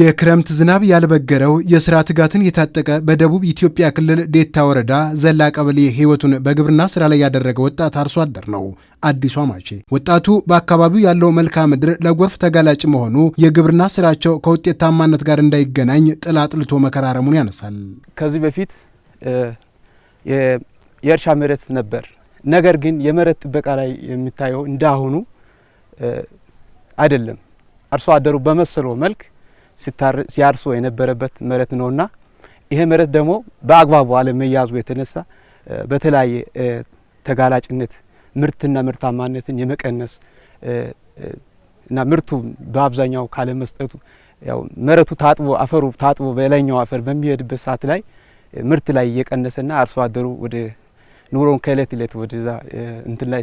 የክረምት ዝናብ ያልበገረው የስራ ትጋትን የታጠቀ በደቡብ ኢትዮጵያ ክልል ዴታ ወረዳ ዘላ ቀበሌ ህይወቱን በግብርና ስራ ላይ ያደረገ ወጣት አርሶ አደር ነው አዲሱ አማቼ። ወጣቱ በአካባቢው ያለው መልክዓ ምድር ለጎርፍ ተጋላጭ መሆኑ የግብርና ስራቸው ከውጤታማነት ጋር እንዳይገናኝ ጥላ ጥልቶ መከራረሙን ያነሳል። ከዚህ በፊት የእርሻ መሬት ነበር። ነገር ግን የመሬት ጥበቃ ላይ የሚታየው እንዳሁኑ አይደለም። አርሶ አደሩ በመሰለው መልክ ሲያርሶ የነበረበት መሬት ነውና ይሄ መሬት ደግሞ በአግባቡ አለመያዙ የተነሳ በተለያየ ተጋላጭነት ምርትና ምርታማነትን የመቀነስ እና ምርቱ በአብዛኛው ካለመስጠቱ ያው መሬቱ ታጥቦ አፈሩ ታጥቦ በላይኛው አፈር በሚሄድበት ሰዓት ላይ ምርት ላይ እየቀነሰና አርሶ አደሩ ወደ ኑሮን ከእለት እለት ወደዛ እንትን ላይ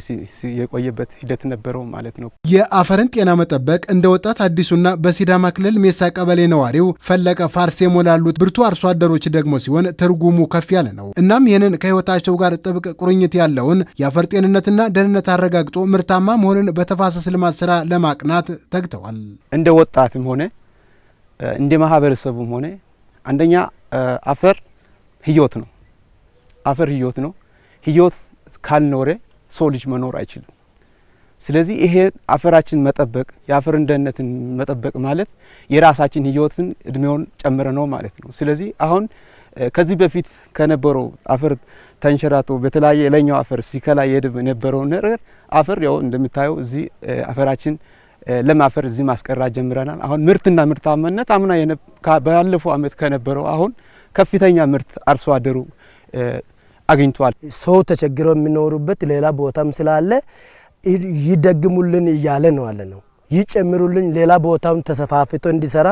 የቆየበት ሂደት ነበረው ማለት ነው። የአፈርን ጤና መጠበቅ እንደ ወጣት አዲሱና በሲዳማ ክልል ሜሳ ቀበሌ ነዋሪው ፈለቀ ፋርሴሞ ላሉት ብርቱ አርሶ አደሮች ደግሞ ሲሆን ትርጉሙ ከፍ ያለ ነው። እናም ይህንን ከህይወታቸው ጋር ጥብቅ ቁርኝት ያለውን የአፈር ጤንነትና ደህንነት አረጋግጦ ምርታማ መሆንን በተፋሰስ ልማት ስራ ለማቅናት ተግተዋል። እንደ ወጣትም ሆነ እንደ ማህበረሰቡም ሆነ አንደኛ አፈር ህይወት ነው። አፈር ህይወት ነው። ህይወት ካልኖረ ሰው ልጅ መኖር አይችልም። ስለዚህ ይሄ አፈራችን መጠበቅ የአፈርን ደህንነትን መጠበቅ ማለት የራሳችን ህይወትን እድሜውን ጨምረ ነው ማለት ነው። ስለዚህ አሁን ከዚህ በፊት ከነበረው አፈር ተንሸራቶ በተለያየ የላይኛው አፈር ሲከላ የድብ የነበረው ነገር አፈር ያው እንደምታየው እዚህ አፈራችን ለም አፈር እዚህ ማስቀራት ጀምረናል። አሁን ምርትና ምርታማነት አምና ባለፈው አመት ከነበረው አሁን ከፍተኛ ምርት አርሶ አደሩ አግኝቷል። ሰው ተቸግረው የሚኖሩበት ሌላ ቦታም ስላለ ይደግሙልን እያለ ነው አለ ነው ይጨምሩልን ሌላ ቦታም ተሰፋፍቶ እንዲሰራ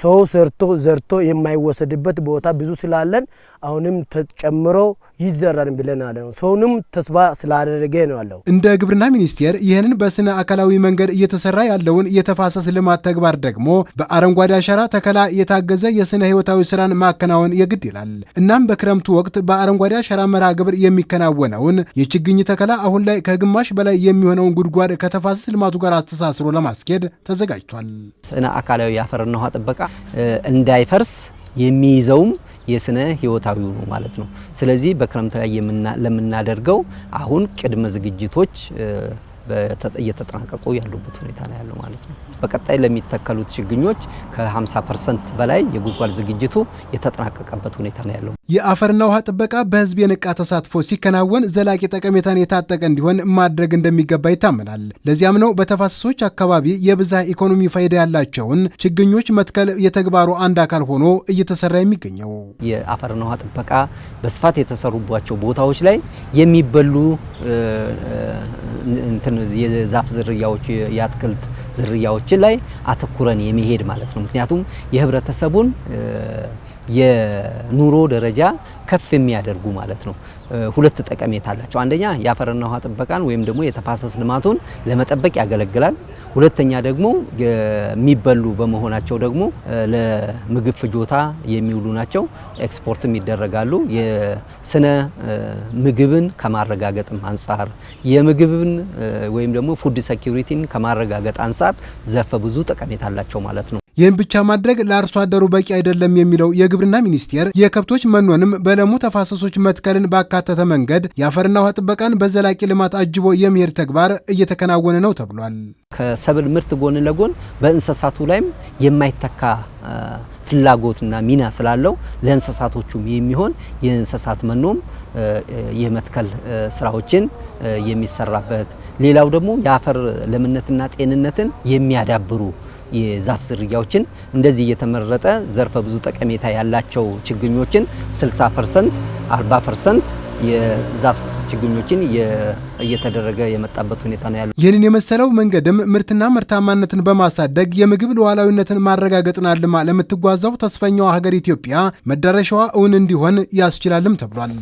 ሰው ሰርቶ ዘርቶ የማይወሰድበት ቦታ ብዙ ስላለን አሁንም ተጨምሮ ይዘራን ብለን አለ ነው። ሰውንም ተስፋ ስላደረገ ነው ያለው። እንደ ግብርና ሚኒስቴር ይህንን በስነ አካላዊ መንገድ እየተሰራ ያለውን የተፋሰስ ልማት ተግባር ደግሞ በአረንጓዴ አሻራ ተከላ የታገዘ የስነ ህይወታዊ ስራን ማከናወን የግድ ይላል። እናም በክረምቱ ወቅት በአረንጓዴ አሻራ መርሃ ግብር የሚከናወነውን የችግኝ ተከላ አሁን ላይ ከግማሽ በላይ የሚሆነውን ጉድጓድ ከተፋሰስ ልማቱ ጋር አስተሳስሮ ለማስኬድ ተዘጋጅቷል። ስነ አካላዊ የአፈርና ውሃ ጥበቃ እንዳይፈርስ የሚይዘውም የስነ ህይወታዊ ነው ማለት ነው። ስለዚህ በክረምት ላይ ለምናደርገው አሁን ቅድመ ዝግጅቶች እየተጠናቀቁ ያሉበት ሁኔታ ነው ያለው ማለት ነው። በቀጣይ ለሚተከሉት ችግኞች ከ50 ፐርሰንት በላይ የጉድጓድ ዝግጅቱ የተጠናቀቀበት ሁኔታ ነው ያለው። የአፈርና ውሃ ጥበቃ በህዝብ የንቃ ተሳትፎ ሲከናወን ዘላቂ ጠቀሜታን የታጠቀ እንዲሆን ማድረግ እንደሚገባ ይታመናል። ለዚያም ነው በተፋሰሶች አካባቢ የብዝሃ ኢኮኖሚ ፋይዳ ያላቸውን ችግኞች መትከል የተግባሩ አንድ አካል ሆኖ እየተሰራ የሚገኘው። የአፈርና ውሃ ጥበቃ በስፋት የተሰሩባቸው ቦታዎች ላይ የሚበሉ የዛፍ ዝርያዎች፣ የአትክልት ዝርያዎችን ላይ አተኩረን የሚሄድ ማለት ነው። ምክንያቱም የህብረተሰቡን የኑሮ ደረጃ ከፍ የሚያደርጉ ማለት ነው። ሁለት ጠቀሜታ አላቸው። አንደኛ የአፈርና ውሃ ጥበቃን ወይም ደግሞ የተፋሰስ ልማቱን ለመጠበቅ ያገለግላል። ሁለተኛ ደግሞ የሚበሉ በመሆናቸው ደግሞ ለምግብ ፍጆታ የሚውሉ ናቸው። ኤክስፖርትም ይደረጋሉ። የስነ ምግብን ከማረጋገጥም አንጻር የምግብን ወይም ደግሞ ፉድ ሴኩሪቲን ከማረጋገጥ አንጻር ዘርፈ ብዙ ጠቀሜታ አላቸው ማለት ነው። ይህን ብቻ ማድረግ ለአርሶ አደሩ በቂ አይደለም የሚለው የግብርና ሚኒስቴር የከብቶች መኖንም በለሙ ተፋሰሶች መትከልን ባካተተ መንገድ የአፈርና ውሃ ጥበቃን በዘላቂ ልማት አጅቦ የሚሄድ ተግባር እየተከናወነ ነው ተብሏል። ከሰብል ምርት ጎን ለጎን በእንስሳቱ ላይም የማይተካ ፍላጎትና ሚና ስላለው ለእንስሳቶቹም የሚሆን የእንስሳት መኖም የመትከል ስራዎችን የሚሰራበት ሌላው ደግሞ የአፈር ለምነትና ጤንነትን የሚያዳብሩ የዛፍ ዝርያዎችን እንደዚህ እየተመረጠ ዘርፈ ብዙ ጠቀሜታ ያላቸው ችግኞችን 60 ፐርሰንት፣ 40 ፐርሰንት የዛፍ ችግኞችን እየተደረገ የመጣበት ሁኔታ ነው ያለው። ይህንን የመሰለው መንገድም ምርትና ምርታማነትን በማሳደግ የምግብ ሉዓላዊነትን ማረጋገጥን አልማ ተስፈኛው ተስፈኛዋ ሀገር ኢትዮጵያ መዳረሻዋ እውን እንዲሆን ያስችላልም ተብሏል።